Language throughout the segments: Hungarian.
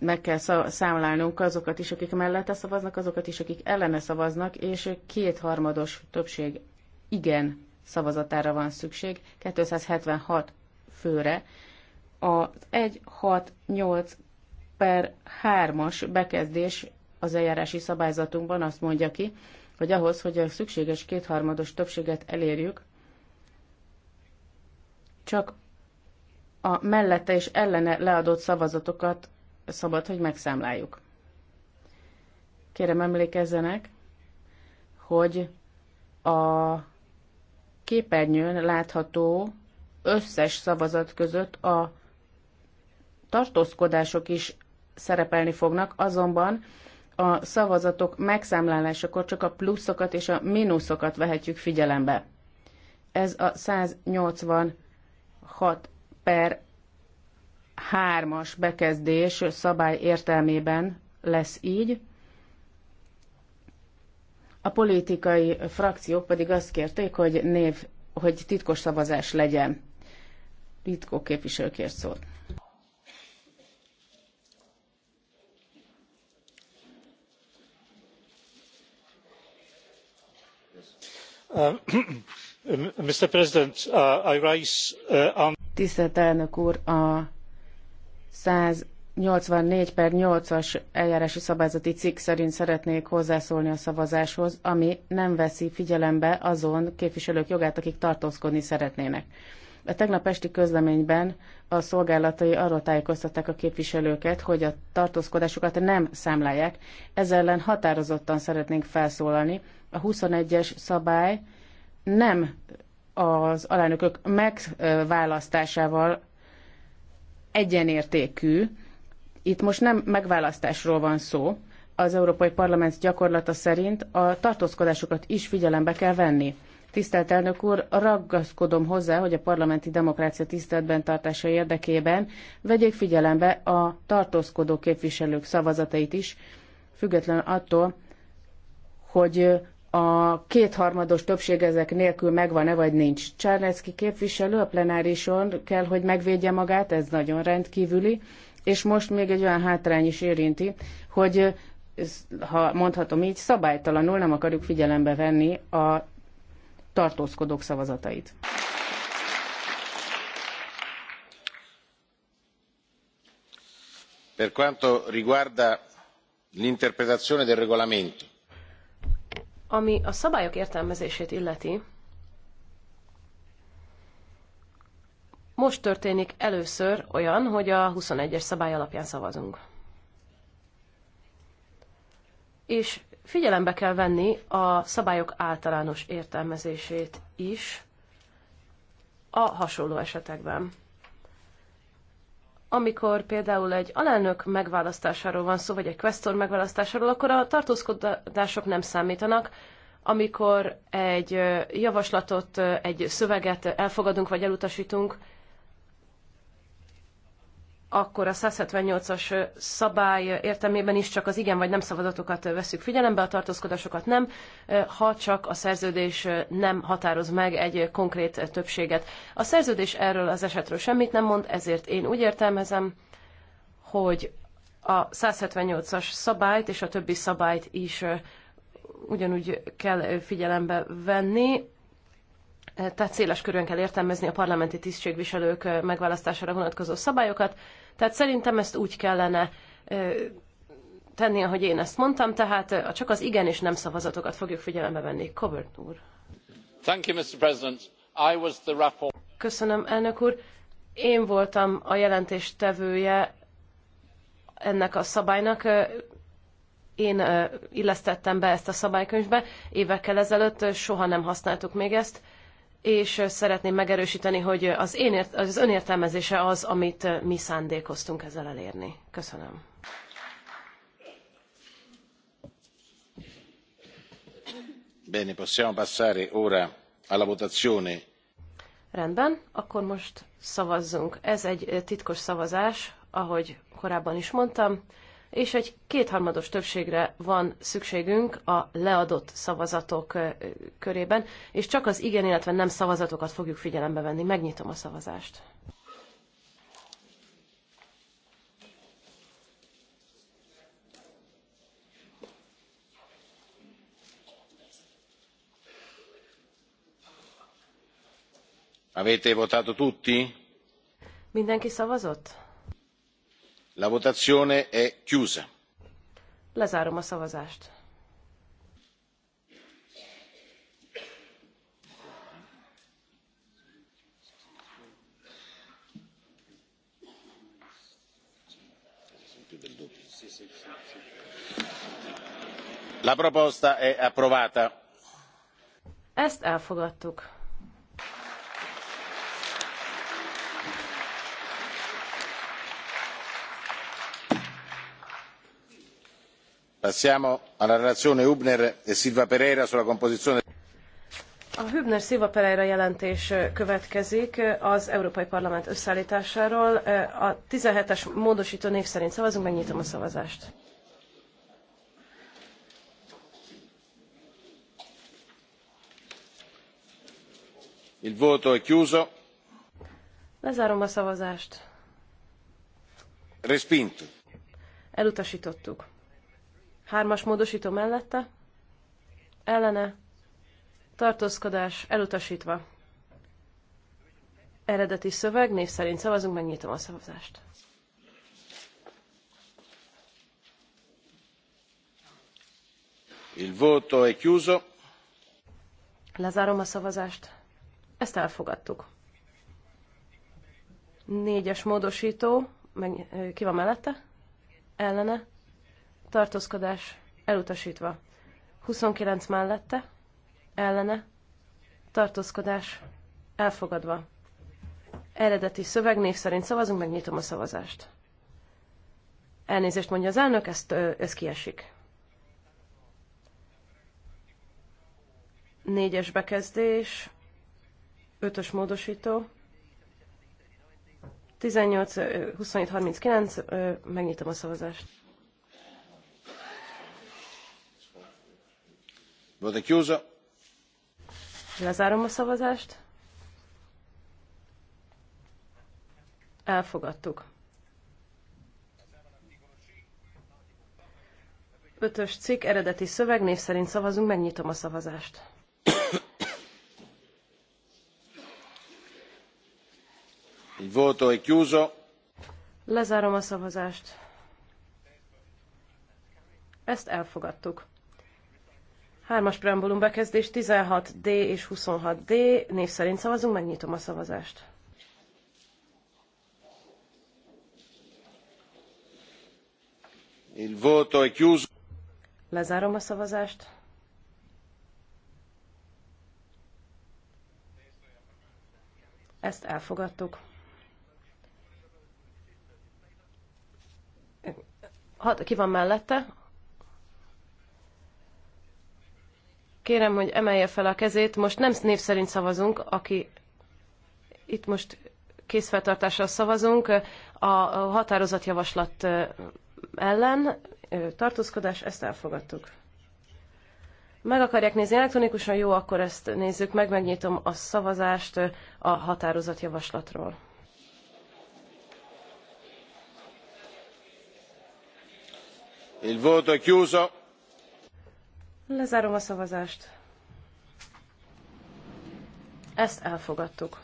meg kell számlálnunk azokat is, akik mellette szavaznak, azokat is, akik ellene szavaznak, és kétharmados többség igen szavazatára van szükség, 276 főre. Az 168 per 3-as bekezdés az eljárási szabályzatunkban azt mondja ki, hogy ahhoz, hogy a szükséges kétharmados többséget elérjük, csak a mellette és ellene leadott szavazatokat szabad, hogy megszámláljuk. Kérem emlékezzenek, hogy a képernyőn látható összes szavazat között a tartózkodások is szerepelni fognak, azonban a szavazatok megszámlálásakor csak a pluszokat és a mínuszokat vehetjük figyelembe. Ez a 186 per hármas bekezdés szabály értelmében lesz így. A politikai frakciók pedig azt kérték, hogy név, hogy titkos szavazás legyen. Ritkó képviselőkért kért Uh, Mr. President, uh, I rise, uh, on... Tisztelt elnök úr, a 184 per 8-as eljárási szabályzati cikk szerint szeretnék hozzászólni a szavazáshoz, ami nem veszi figyelembe azon képviselők jogát, akik tartózkodni szeretnének. A tegnap esti közleményben a szolgálatai arról tájékoztatták a képviselőket, hogy a tartózkodásukat nem számlálják. Ezzel ellen határozottan szeretnénk felszólalni. A 21-es szabály nem az alelnökök megválasztásával egyenértékű. Itt most nem megválasztásról van szó. Az Európai Parlament gyakorlata szerint a tartózkodásokat is figyelembe kell venni. Tisztelt elnök úr, ragaszkodom hozzá, hogy a parlamenti demokrácia tiszteletben tartása érdekében vegyék figyelembe a tartózkodó képviselők szavazatait is, független attól, hogy a kétharmados többség ezek nélkül megvan-e vagy nincs. Csárnecki képviselő a plenárison kell, hogy megvédje magát, ez nagyon rendkívüli, és most még egy olyan hátrány is érinti, hogy ha mondhatom így, szabálytalanul nem akarjuk figyelembe venni a tartózkodók szavazatait. Per quanto riguarda l'interpretazione del regolamento, ami a szabályok értelmezését illeti, most történik először olyan, hogy a 21-es szabály alapján szavazunk. És figyelembe kell venni a szabályok általános értelmezését is a hasonló esetekben amikor például egy alelnök megválasztásáról van szó, vagy egy questor megválasztásáról, akkor a tartózkodások nem számítanak. Amikor egy javaslatot, egy szöveget elfogadunk vagy elutasítunk, akkor a 178-as szabály értelmében is csak az igen vagy nem szavazatokat veszük figyelembe, a tartózkodásokat nem, ha csak a szerződés nem határoz meg egy konkrét többséget. A szerződés erről az esetről semmit nem mond, ezért én úgy értelmezem, hogy a 178-as szabályt és a többi szabályt is ugyanúgy kell figyelembe venni, tehát széles körön kell értelmezni a parlamenti tisztségviselők megválasztására vonatkozó szabályokat, tehát szerintem ezt úgy kellene tenni, ahogy én ezt mondtam, tehát csak az igen és nem szavazatokat fogjuk figyelembe venni. Coburn úr. Thank you, Mr. President. I was the rapport. Köszönöm, elnök úr. Én voltam a jelentéstevője ennek a szabálynak. Én illesztettem be ezt a szabálykönyvbe évekkel ezelőtt, soha nem használtuk még ezt és szeretném megerősíteni, hogy az, én ért, az önértelmezése az, amit mi szándékoztunk ezzel elérni. Köszönöm. Bene, possiamo passare ora alla votazione. Rendben, akkor most szavazzunk. Ez egy titkos szavazás, ahogy korábban is mondtam és egy kétharmados többségre van szükségünk a leadott szavazatok körében, és csak az igen, illetve nem szavazatokat fogjuk figyelembe venni. Megnyitom a szavazást. Avete votato tutti? Mindenki szavazott? La votazione è chiusa. Lezárom a szavazást. La proposta è approvata. Ezt elfogadtuk. passiamo alla relazione hübner e silva pereira sulla composizione. a hübner silva pereira jelentés következik az európai parlament összeálltásáról. a seventeen es módostó név szerint szavazunk megnyitom a szavazást. il voto è chiuso. lezárom a szavazást. respinto. elutasítottuk. Hármas módosító mellette. Ellene. Tartózkodás elutasítva. Eredeti szöveg, név szerint szavazunk, megnyitom a szavazást. Il voto è chiuso. Lezárom a szavazást. Ezt elfogadtuk. Négyes módosító, meg, ki van mellette? Ellene tartózkodás elutasítva. 29 mellette, ellene, tartózkodás elfogadva. Eredeti szöveg név szerint szavazunk, megnyitom a szavazást. Elnézést mondja az elnök, ezt, ez kiesik. Négyes bekezdés, ötös módosító, 18, 27, 39, megnyitom a szavazást. Voto chiuso. Lezárom a szavazást. Elfogadtuk. Ötös cikk, eredeti szöveg, név szerint szavazunk, megnyitom a szavazást. Il voto è chiuso. Lezárom a szavazást. Ezt elfogadtuk. Hármas preambulum bekezdés 16D és 26D. Név szerint szavazunk, megnyitom a szavazást. Il voto è chiuso. Lezárom a szavazást. Ezt elfogadtuk. Hat, ki van mellette? kérem, hogy emelje fel a kezét. Most nem név szerint szavazunk, aki itt most készfeltartással szavazunk. A határozatjavaslat ellen tartózkodás, ezt elfogadtuk. Meg akarják nézni elektronikusan, jó, akkor ezt nézzük meg, megnyitom a szavazást a határozatjavaslatról. Il voto è chiuso Lezárom a szavazást. Ezt elfogadtuk.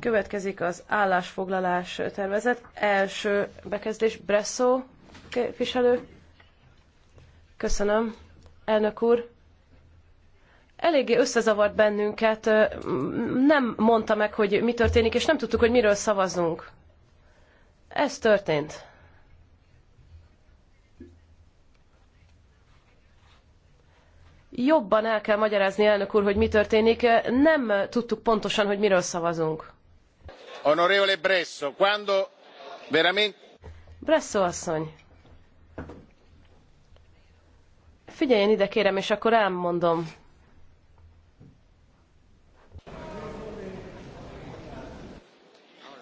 Következik az állásfoglalás tervezet. Első bekezdés Bresszó képviselő. Köszönöm, elnök úr. Eléggé összezavart bennünket, nem mondta meg, hogy mi történik, és nem tudtuk, hogy miről szavazunk. Ez történt. jobban el kell magyarázni, elnök úr, hogy mi történik. Nem tudtuk pontosan, hogy miről szavazunk. Honorevole Bresso, quando veramente... Bresso asszony. Figyeljen ide, kérem, és akkor elmondom.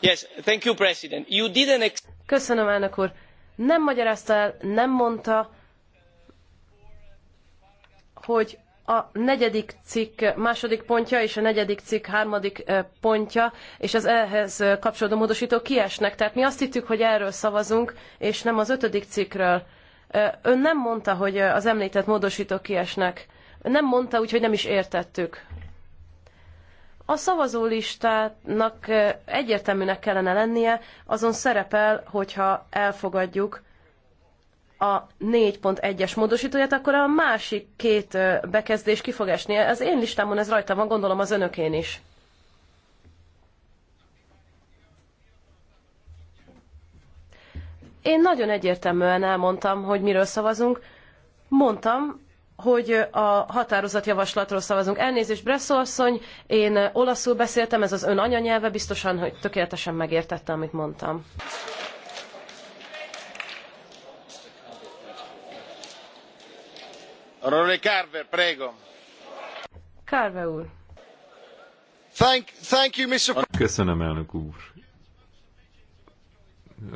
Yes, thank you, President. You didn't... Köszönöm, elnök úr. Nem magyarázta el, nem mondta, hogy a negyedik cikk második pontja és a negyedik cikk harmadik eh, pontja, és az ehhez eh, kapcsolódó módosítók kiesnek. Tehát mi azt hittük, hogy erről szavazunk, és nem az ötödik cikkről. Eh, ön nem mondta, hogy az említett módosítók kiesnek. Nem mondta, úgyhogy nem is értettük. A szavazólistának egyértelműnek kellene lennie, azon szerepel, hogyha elfogadjuk a 4.1-es módosítóját, akkor a másik két bekezdés ki fog esni. Az én listámon ez rajta van, gondolom az önökén is. Én nagyon egyértelműen elmondtam, hogy miről szavazunk. Mondtam, hogy a határozatjavaslatról szavazunk. Elnézést, Bresszolszony, én olaszul beszéltem, ez az ön anyanyelve, biztosan, hogy tökéletesen megértette, amit mondtam. Carver, Carver Thank, thank you, Mr. Köszönöm, elnök úr.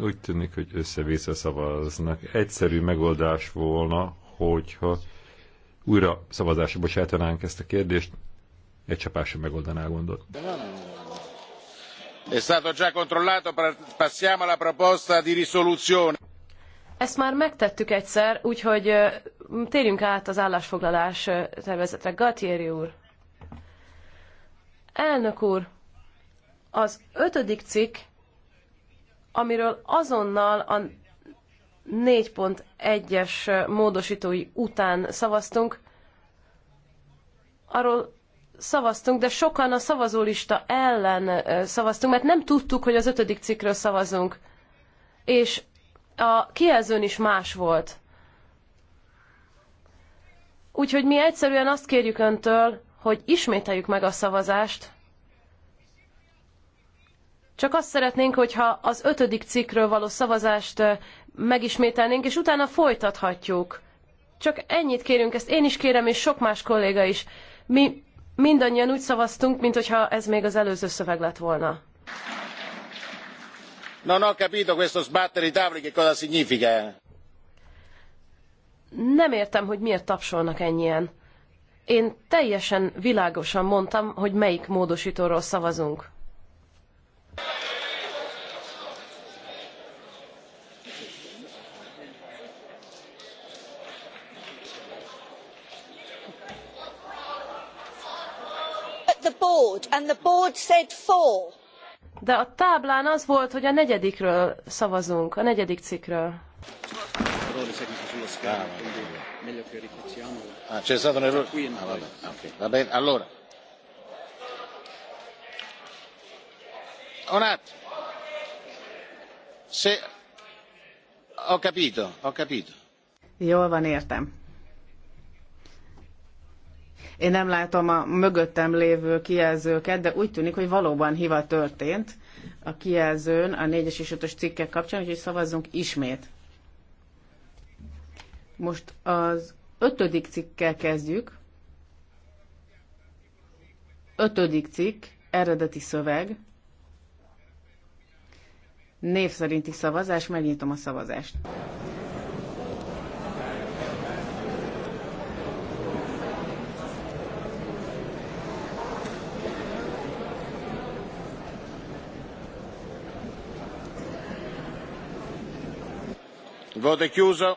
Úgy tűnik, hogy össze-vissza szavaznak. Egyszerű megoldás volna, hogyha újra szavazásra bocsátanánk ezt a kérdést, egy csapásra megoldaná a gondot. Ezt már megtettük egyszer, úgyhogy térjünk át az állásfoglalás tervezetre. Gatieri úr. Elnök úr, az ötödik cikk, amiről azonnal a 4.1-es módosítói után szavaztunk, arról szavaztunk, de sokan a szavazólista ellen szavaztunk, mert nem tudtuk, hogy az ötödik cikkről szavazunk. És a kijelzőn is más volt. Úgyhogy mi egyszerűen azt kérjük öntől, hogy ismételjük meg a szavazást. Csak azt szeretnénk, hogyha az ötödik cikkről való szavazást megismételnénk, és utána folytathatjuk. Csak ennyit kérünk, ezt én is kérem, és sok más kolléga is. Mi mindannyian úgy szavaztunk, mint hogyha ez még az előző szöveg lett volna. Non ho capito questo sbattere i tavoli che cosa significa nem értem, hogy miért tapsolnak ennyien. Én teljesen világosan mondtam, hogy melyik módosítóról szavazunk. De a táblán az volt, hogy a negyedikről szavazunk, a negyedik cikkről. Ah, meglio che ripetiamo. Ah, c'è stato un errore? Qui ah, vabbè, okay. Va bene, allora. Un attimo. Se... Ho capito, ho capito. Jól van, értem. Én nem látom a mögöttem lévő kijelzőket, de úgy tűnik, hogy valóban hiva történt a kijelzőn a 4-es és 5-ös cikkek kapcsán, úgyhogy szavazzunk ismét. Most az ötödik cikkkel kezdjük. Ötödik cikk, eredeti szöveg. Név szerinti szavazás, megnyitom a szavazást. Vote chiuso.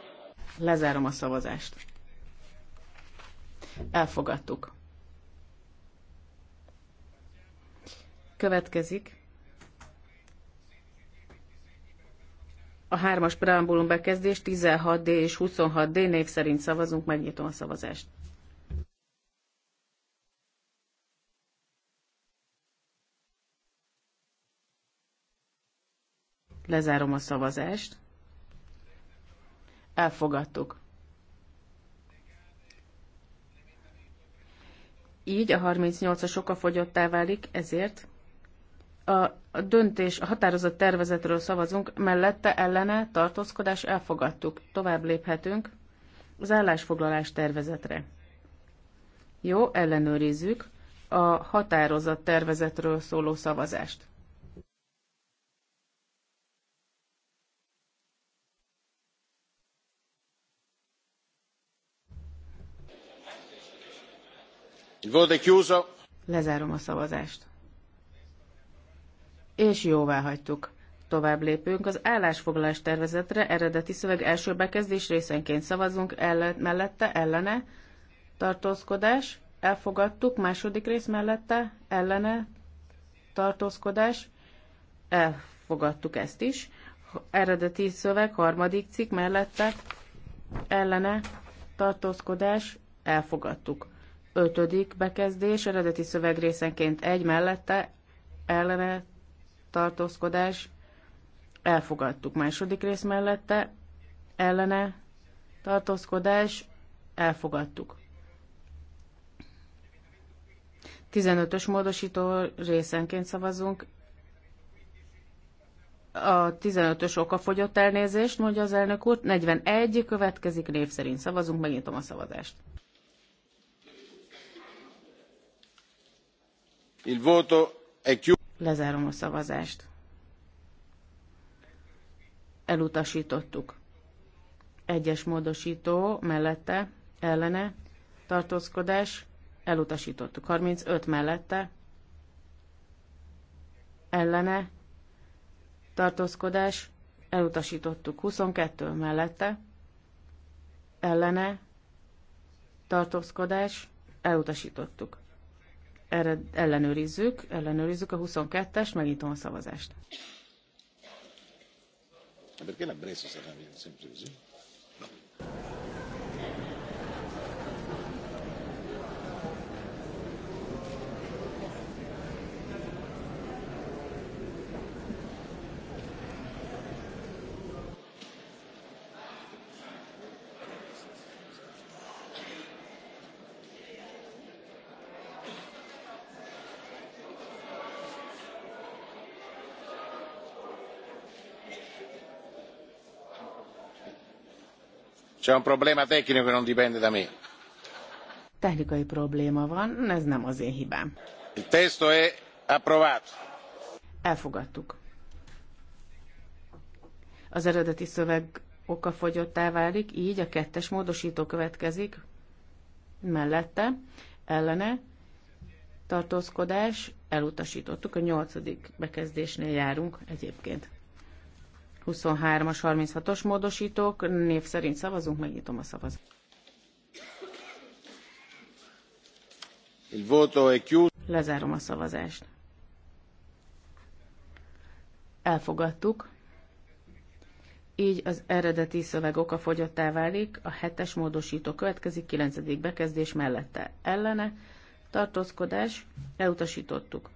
Lezárom a szavazást. Elfogadtuk. Következik a hármas preambulum bekezdés 16D és 26D név szerint szavazunk, megnyitom a szavazást. Lezárom a szavazást. Elfogadtuk. Így a 38-as fogyottá válik, ezért a döntés, a határozott tervezetről szavazunk, mellette ellene tartózkodás elfogadtuk. Tovább léphetünk az állásfoglalás tervezetre. Jó, ellenőrizzük a határozott tervezetről szóló szavazást. Lezárom a szavazást. És jóvá hagytuk. Tovább lépünk az állásfoglalás tervezetre, eredeti szöveg első bekezdés részenként szavazunk ellen, mellette, ellene, tartózkodás, elfogadtuk, második rész mellette, ellene, tartózkodás, elfogadtuk ezt is. Eredeti szöveg, harmadik cikk mellette, ellene, tartózkodás, elfogadtuk. Ötödik bekezdés, eredeti szövegrészenként egy mellette, ellene tartózkodás, elfogadtuk. Második rész mellette, ellene tartózkodás, elfogadtuk. 15-ös módosító részenként szavazunk. A 15-ös oka fogyott elnézést, mondja az elnök úr. 41 következik, név szerint szavazunk, megnyitom a szavazást. Lezárom a szavazást. Elutasítottuk. Egyes módosító mellette, ellene, tartózkodás, elutasítottuk. 35 mellette, ellene, tartózkodás, elutasítottuk. 22 mellette, ellene, tartózkodás, elutasítottuk. Erre ellenőrizzük, ellenőrizzük a 22-est, megnyitom a szavazást. Perché l'ha preso se C'è un problema tecnico che non dipende da me. Technikai probléma van, ez nem az én hibám. Il testo è approvato. Elfogadtuk. Az eredeti szöveg okafogyottá válik, így a kettes módosító következik. Mellette, ellene, tartózkodás, elutasítottuk, a nyolcadik bekezdésnél járunk egyébként. 23-as, 36-os módosítók. Név szerint szavazunk, megnyitom a szavazat. voto Lezárom a szavazást. Elfogadtuk. Így az eredeti szöveg fogyottá válik, a hetes módosító következik, kilencedik bekezdés mellette ellene, tartózkodás, elutasítottuk.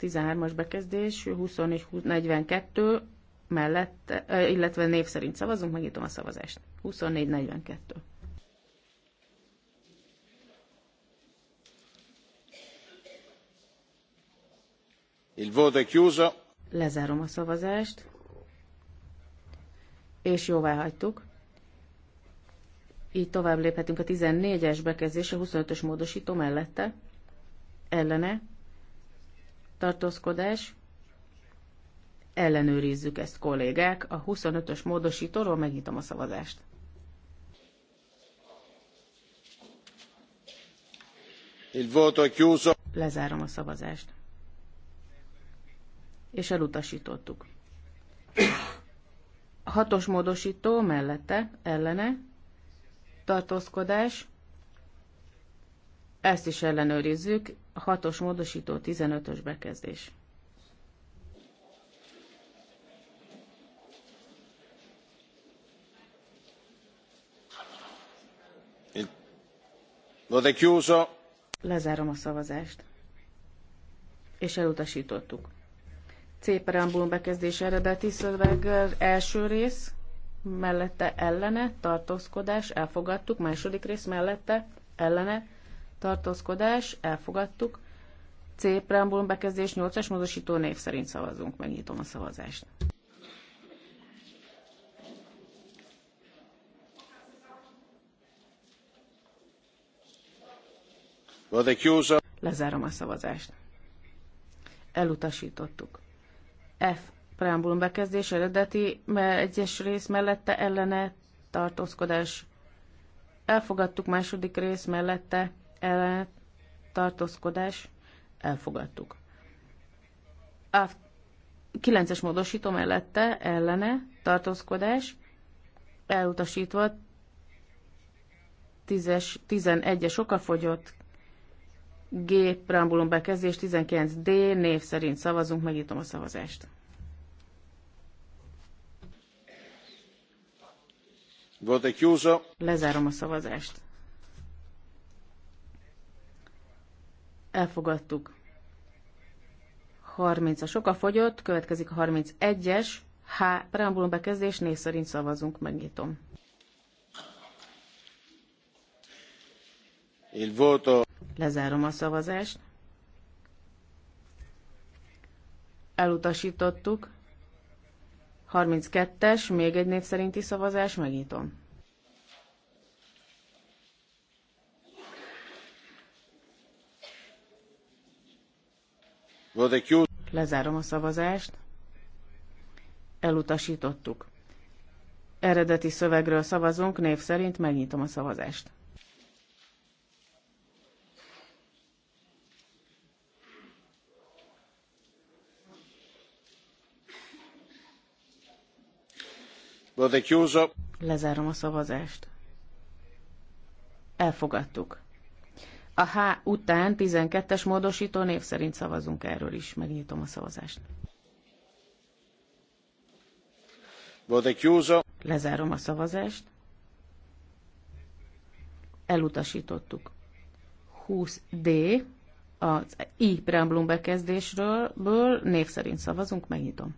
13-as bekezdés, 24-42, mellette, illetve név szerint szavazunk, megnyitom a szavazást. 24-42. Il voto è chiuso. Lezárom a szavazást. És jóvá hagytuk. Így tovább léphetünk a 14-es bekezdés, a 25-ös módosító mellette. Ellene. Tartózkodás Ellenőrizzük ezt, kollégák. A 25-ös módosítóról megnyitom a szavazást. Il voto è chiuso. Lezárom a szavazást. És elutasítottuk. A hatos módosító mellette, ellene, tartózkodás, ezt is ellenőrizzük, A hatos módosító 15-ös bekezdés. Lezárom a szavazást. És elutasítottuk. C preambulum bekezdés eredeti szöveg első rész, mellette ellene, tartózkodás, elfogadtuk. Második rész mellette ellene, tartózkodás, elfogadtuk. C preambulum bekezdés 8-as módosító név szerint szavazunk. Megnyitom a szavazást. Lezárom a szavazást. Elutasítottuk. F. Preambulum bekezdés eredeti, mert egyes rész mellette ellene tartózkodás. Elfogadtuk második rész mellette ellene tartózkodás. Elfogadtuk. A kilences módosító mellette ellene tartózkodás. Elutasítva 10-es, 11-es okafogyott, G. Preambulum bekezdés 19D. Név szerint szavazunk, megnyitom a szavazást. Voto chiuso. Lezárom a szavazást. Elfogadtuk. 30 a soka fogyott, következik a 31-es. H. Preambulum bekezdés, név szerint szavazunk, megnyitom. Lezárom a szavazást. Elutasítottuk. 32-es, még egy név szerinti szavazás, megnyitom. Lezárom a szavazást. Elutasítottuk. Eredeti szövegről szavazunk, név szerint megnyitom a szavazást. Lezárom a szavazást. Elfogadtuk. A H után 12-es módosító név szerint szavazunk erről is. Megnyitom a szavazást. Lezárom a szavazást. Elutasítottuk. 20D az I preambulum bekezdésről ből, név szerint szavazunk, megnyitom.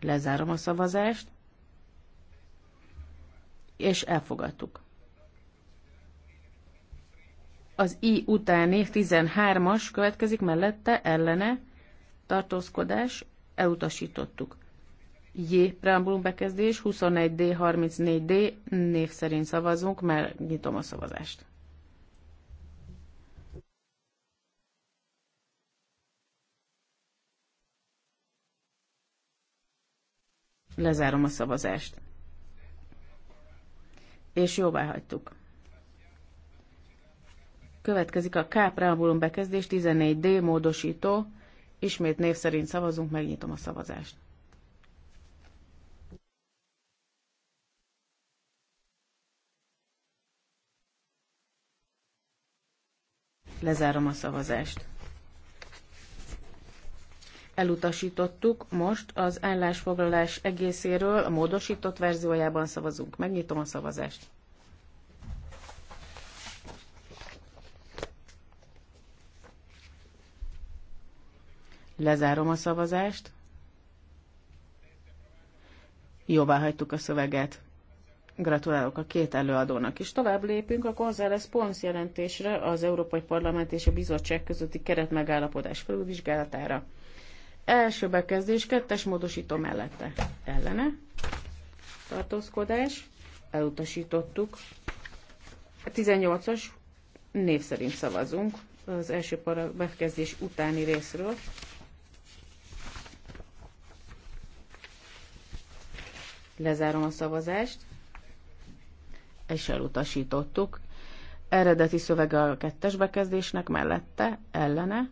Lezárom a szavazást, és elfogadtuk. Az I utáni 13-as következik mellette, ellene, tartózkodás, elutasítottuk. J. Preambulum bekezdés 21D, 34D, név szerint szavazunk, mert nyitom a szavazást. Lezárom a szavazást. És jóvá hagytuk. Következik a K preambulum bekezdés 14D módosító. Ismét név szerint szavazunk, megnyitom a szavazást. Lezárom a szavazást. Elutasítottuk, most az állásfoglalás egészéről a módosított verziójában szavazunk. Megnyitom a szavazást. Lezárom a szavazást. Jóvá hagytuk a szöveget. Gratulálok a két előadónak is. Tovább lépünk a González Pons jelentésre az Európai Parlament és a Bizottság közötti keretmegállapodás felülvizsgálatára. Első bekezdés, kettes módosító mellette. Ellene. Tartózkodás. Elutasítottuk. 18-as név szerint szavazunk az első bekezdés utáni részről. Lezárom a szavazást, és elutasítottuk. Eredeti szövege a kettes bekezdésnek mellette, ellene,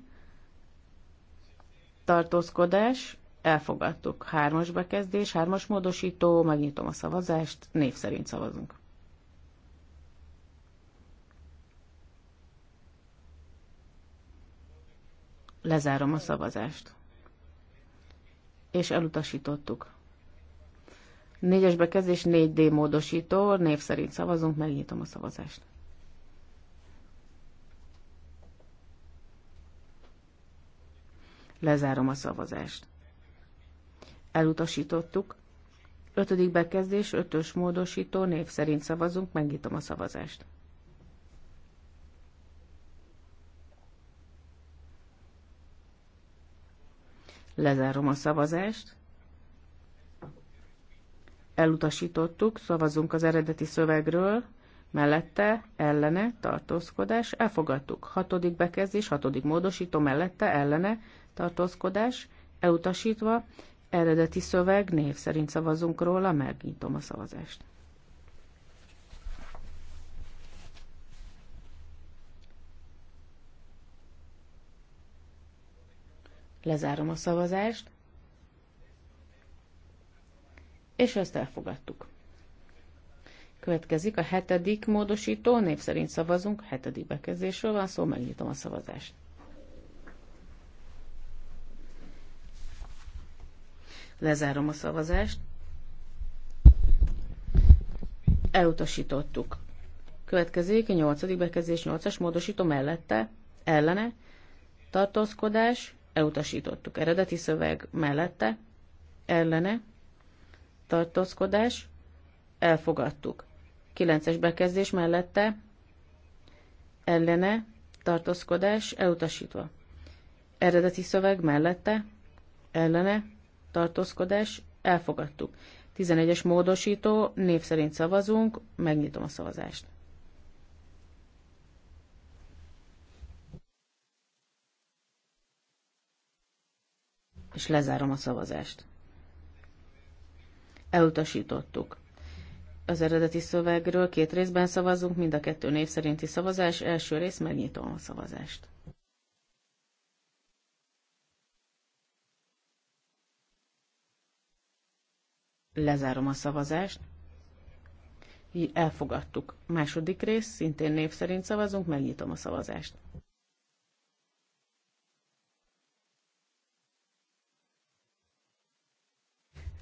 tartózkodás, elfogadtuk. Hármas bekezdés, hármas módosító, megnyitom a szavazást, név szerint szavazunk. Lezárom a szavazást. És elutasítottuk. Négyes bekezdés, 4D módosító, név szerint szavazunk, megnyitom a szavazást. Lezárom a szavazást. Elutasítottuk. Ötödik bekezdés, ötös módosító, név szerint szavazunk, megnyitom a szavazást. Lezárom a szavazást. Elutasítottuk, szavazunk az eredeti szövegről, mellette, ellene, tartózkodás, elfogadtuk. Hatodik bekezdés, hatodik módosító, mellette, ellene, tartózkodás, elutasítva, eredeti szöveg, név szerint szavazunk róla, megnyitom a szavazást. Lezárom a szavazást, és ezt elfogadtuk. Következik a hetedik módosító, név szerint szavazunk, hetedik bekezdésről van szó, megnyitom a szavazást. Lezárom a szavazást. Elutasítottuk. Következik a nyolcadik bekezdés, nyolcas módosító mellette, ellene, tartózkodás, elutasítottuk. Eredeti szöveg mellette, ellene, tartózkodás, elfogadtuk. Kilences bekezdés mellette, ellene, tartózkodás, elutasítva. Eredeti szöveg mellette, ellene, tartózkodás, elfogadtuk. 11-es módosító, név szerint szavazunk, megnyitom a szavazást. És lezárom a szavazást. Elutasítottuk. Az eredeti szövegről két részben szavazunk, mind a kettő név szerinti szavazás, első rész megnyitom a szavazást. Lezárom a szavazást. Így elfogadtuk. Második rész, szintén név szerint szavazunk, megnyitom a szavazást.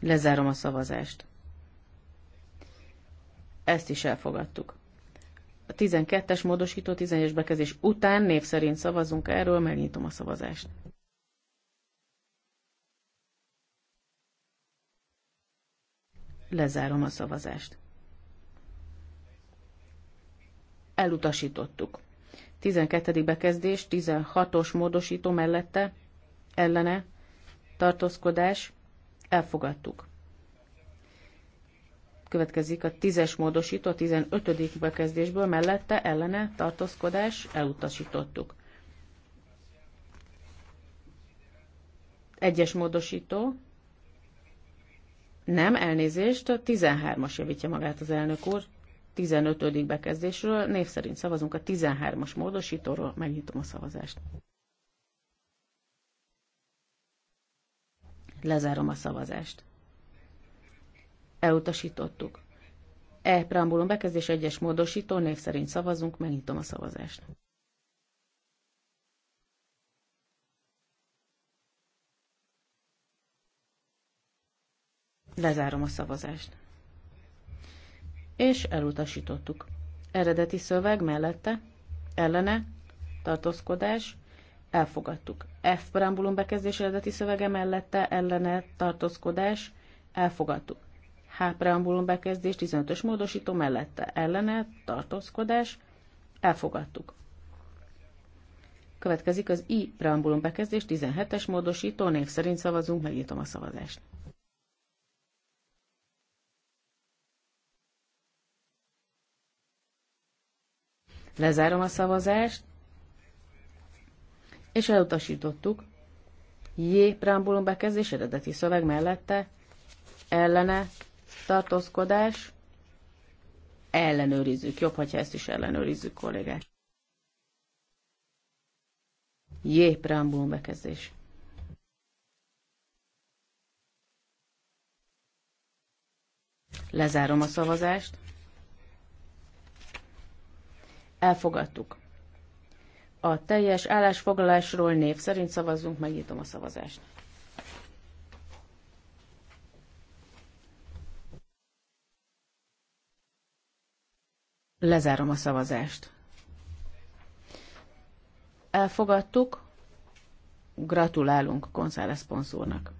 Lezárom a szavazást. Ezt is elfogadtuk. A 12-es módosító 11-es bekezés után név szerint szavazunk erről, megnyitom a szavazást. Lezárom a szavazást. Elutasítottuk. 12. bekezdés, 16-os módosító mellette, ellene, tartózkodás, elfogadtuk. Következik a 10-es módosító, 15. bekezdésből mellette, ellene, tartózkodás, elutasítottuk. Egyes módosító, nem, elnézést, a 13-as javítja magát az elnök úr. 15. bekezdésről név szerint szavazunk a 13-as módosítóról. Megnyitom a szavazást. Lezárom a szavazást. Elutasítottuk. E preambulum bekezdés egyes módosító név szerint szavazunk, megnyitom a szavazást. Lezárom a szavazást. És elutasítottuk. Eredeti szöveg mellette, ellene, tartózkodás, elfogadtuk. F preambulum bekezdés eredeti szövege mellette, ellene, tartózkodás, elfogadtuk. H preambulum bekezdés 15-ös módosító mellette, ellene, tartózkodás, elfogadtuk. Következik az I preambulum bekezdés 17-es módosító, név szerint szavazunk, megnyitom a szavazást. Lezárom a szavazást, és elutasítottuk. J. Preambulum bekezdés eredeti szöveg mellette ellene tartózkodás ellenőrizzük. Jobb, hogyha ezt is ellenőrizzük, kollégák. J. Preambulum bekezdés. Lezárom a szavazást. Elfogadtuk. A teljes állásfoglalásról név szerint szavazzunk, megnyitom a szavazást. Lezárom a szavazást. Elfogadtuk. Gratulálunk González Ponszónak.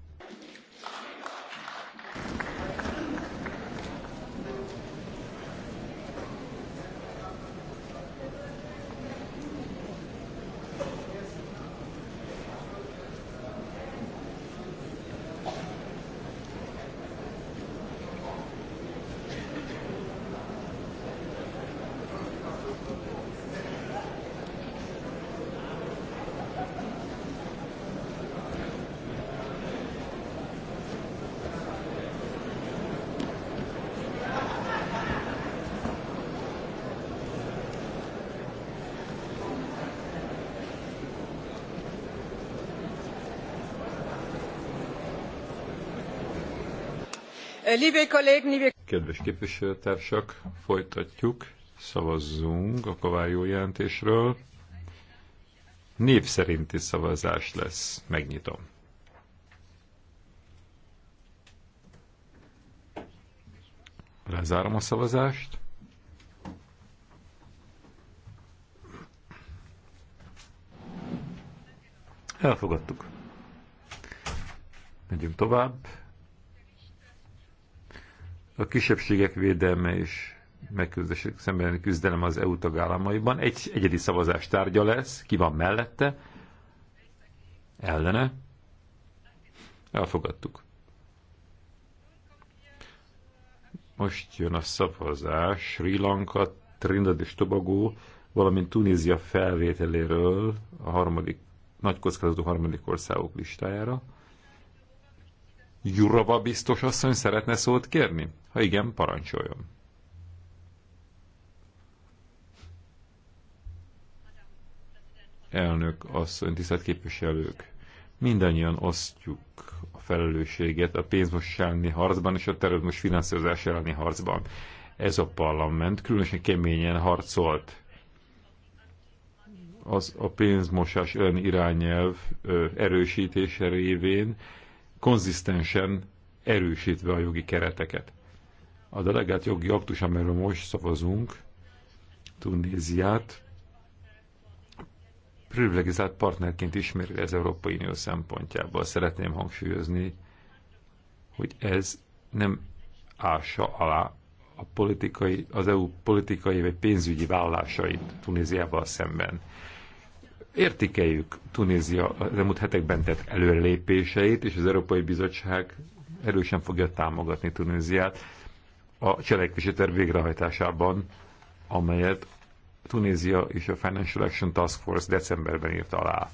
Kedves képviselőtársak, folytatjuk, szavazzunk a kaváljó jelentésről. Név szerinti szavazás lesz, megnyitom. Lezárom a szavazást. Elfogadtuk. Megyünk tovább a kisebbségek védelme és megküzdések szemben küzdelem az EU tagállamaiban. Egy egyedi szavazás tárgya lesz, ki van mellette, ellene. Elfogadtuk. Most jön a szavazás Sri Lanka, Trinidad és Tobago, valamint Tunézia felvételéről a harmadik, nagy kockázatú harmadik országok listájára. Jurova biztos asszony szeretne szót kérni? Ha igen, parancsoljon. Elnök asszony, tisztelt képviselők! Mindannyian osztjuk a felelősséget a pénzmosás elleni harcban és a terrorizmus finanszírozás elleni harcban. Ez a parlament különösen keményen harcolt az a pénzmosás ön irányelv erősítése révén konzisztensen erősítve a jogi kereteket. A delegált jogi aktus, amelyről most szavazunk, Tunéziát privilegizált partnerként ismeri az Európai Unió szempontjából. Szeretném hangsúlyozni, hogy ez nem ássa alá a politikai, az EU politikai vagy pénzügyi vállásait Tunéziával szemben. Értékeljük Tunézia az elmúlt hetekben tett előrelépéseit, és az Európai Bizottság erősen fogja támogatni Tunéziát a cselekvési terv végrehajtásában, amelyet Tunézia és a Financial Action Task Force decemberben írt alá.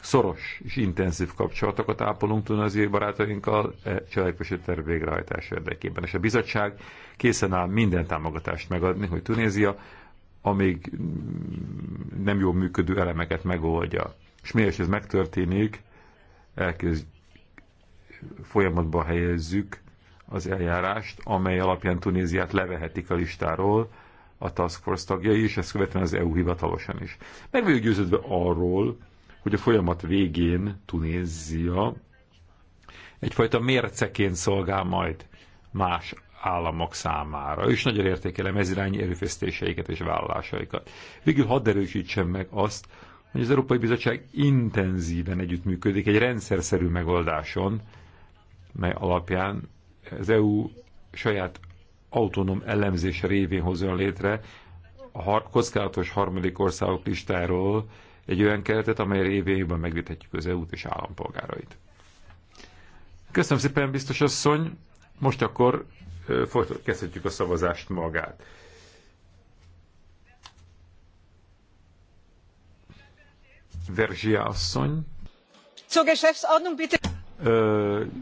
Szoros és intenzív kapcsolatokat ápolunk Tunéziai barátainkkal e cselekvési terv végrehajtása érdekében, és a bizottság készen áll minden támogatást megadni, hogy Tunézia amíg nem jól működő elemeket megoldja. És miért ez megtörténik, elkezd folyamatba helyezzük az eljárást, amely alapján Tunéziát levehetik a listáról a Task Force tagjai, és ezt követően az EU hivatalosan is. Meg vagyok győződve arról, hogy a folyamat végén Tunézia egyfajta mérceként szolgál majd más államok számára, és nagyon értékelem ez irányi erőfeszítéseiket és vállalásaikat. Végül hadd erősítsem meg azt, hogy az Európai Bizottság intenzíven együttműködik egy rendszerszerű megoldáson, mely alapján az EU saját autonóm elemzése révén hozzon létre a har- kockázatos harmadik országok listáról egy olyan keretet, amely révén megvédhetjük az EU-t és állampolgárait. Köszönöm szépen, biztos asszony! Most akkor kezdhetjük a szavazást magát. Verzsia asszony. Zur Geschäftsordnung bitte.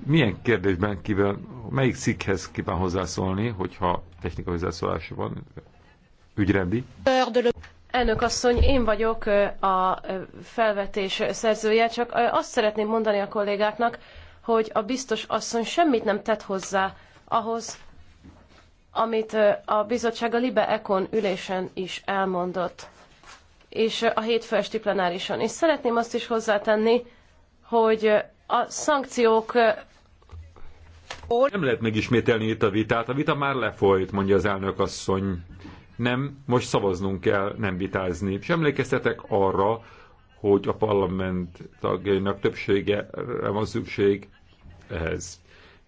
milyen kérdésben kíván, melyik cikkhez kíván hozzászólni, hogyha technikai hozzászólása van? Ügyrendi? Elnök asszony, én vagyok a felvetés szerzője, csak azt szeretném mondani a kollégáknak, hogy a biztos asszony semmit nem tett hozzá ahhoz, amit a bizottság a Libe Econ ülésen is elmondott, és a hétfő esti plenárison. És szeretném azt is hozzátenni, hogy a szankciók nem lehet megismételni itt a vitát, a vita már lefolyt, mondja az elnök asszony. Nem, most szavaznunk kell, nem vitázni. És emlékeztetek arra, hogy a parlament tagjainak többsége eh, van szükség ehhez.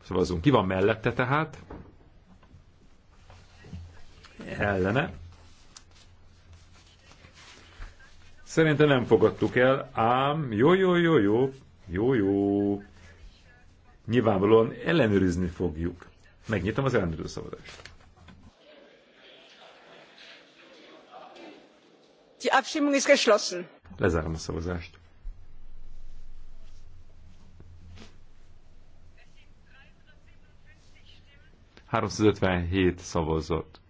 Szavazunk. Ki van mellette tehát? ellene. Szerintem nem fogadtuk el, ám jó, jó, jó, jó, jó, jó. Nyilvánvalóan ellenőrizni fogjuk. Megnyitom az ellenőrző szavazást. Die Abstimmung ist geschlossen. Lezárom a szavazást. Háromszázötvenhét szavazott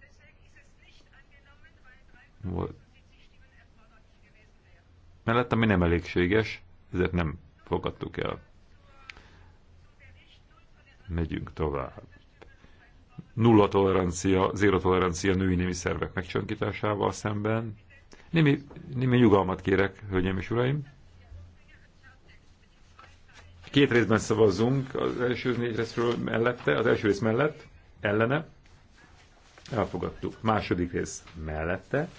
volt. Mellett, ami nem elégséges, ezért nem fogadtuk el. Megyünk tovább. Nulla tolerancia, zéro tolerancia női nemi szervek megcsonkításával szemben. Némi, némi nyugalmat kérek, hölgyeim és uraim. Két részben szavazzunk az első négy részről mellette, az első rész mellett, ellene. Elfogadtuk. Második rész mellette,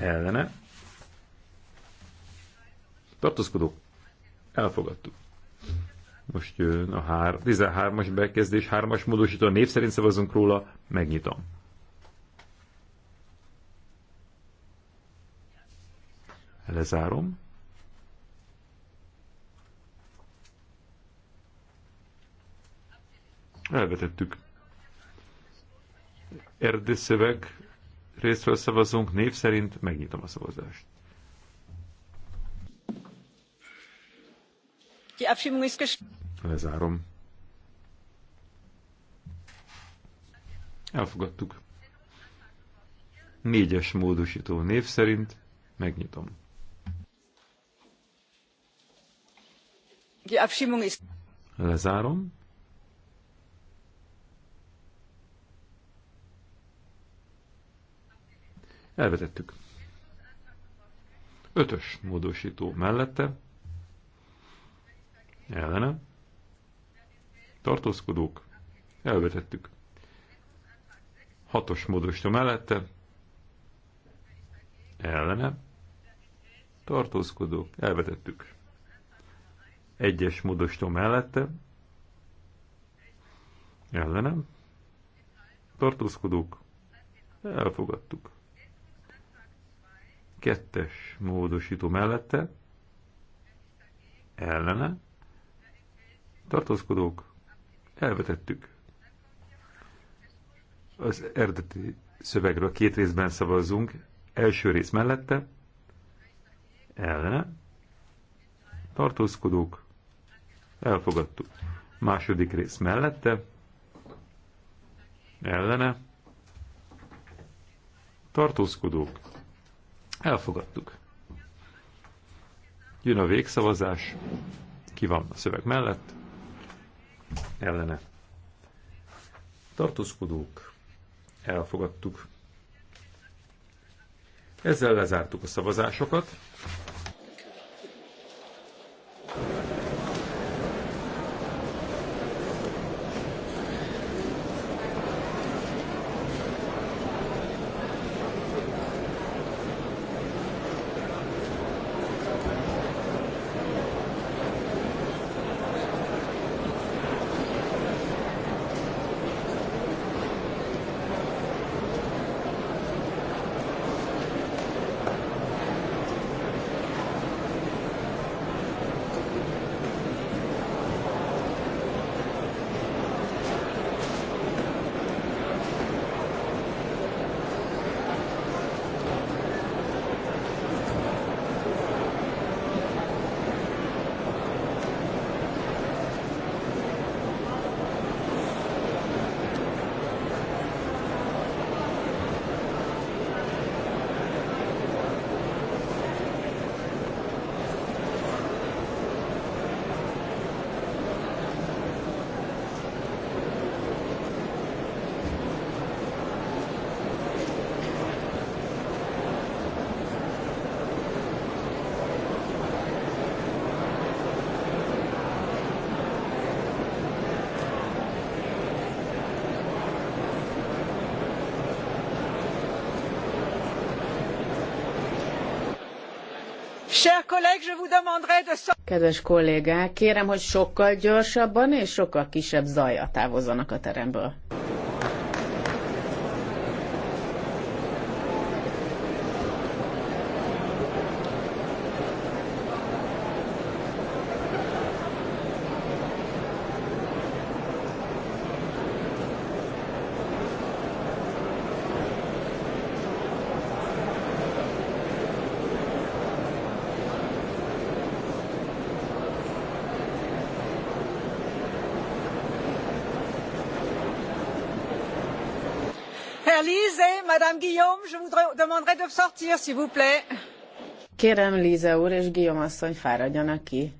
ellene. Tartózkodók, elfogadtuk. Most jön a hár, 13-as bekezdés, 3-as módosító, a név szerint szavazunk róla, megnyitom. Lezárom. Elvetettük. Erdőszöveg részről szavazunk, név szerint megnyitom a szavazást. Lezárom. Elfogadtuk. Négyes módosító név szerint megnyitom. Lezárom. Elvetettük. Ötös módosító mellette. Ellene. Tartózkodók. Elvetettük. Hatos módosító mellette. Ellene. Tartózkodók. Elvetettük. Egyes módosító mellette. Ellenem. Tartózkodók. Elfogadtuk. Kettes módosító mellette, ellene, tartózkodók, elvetettük. Az eredeti szövegről két részben szavazzunk, első rész mellette, ellene, tartózkodók, elfogadtuk. Második rész mellette, ellene, tartózkodók, Elfogadtuk. Jön a végszavazás. Ki van a szöveg mellett? Ellene. Tartózkodók. Elfogadtuk. Ezzel lezártuk a szavazásokat. Kedves kollégák, kérem, hogy sokkal gyorsabban és sokkal kisebb zajjal távozzanak a teremből. Kérem, liese úr és Guillaume asszony, fáradjanak ki.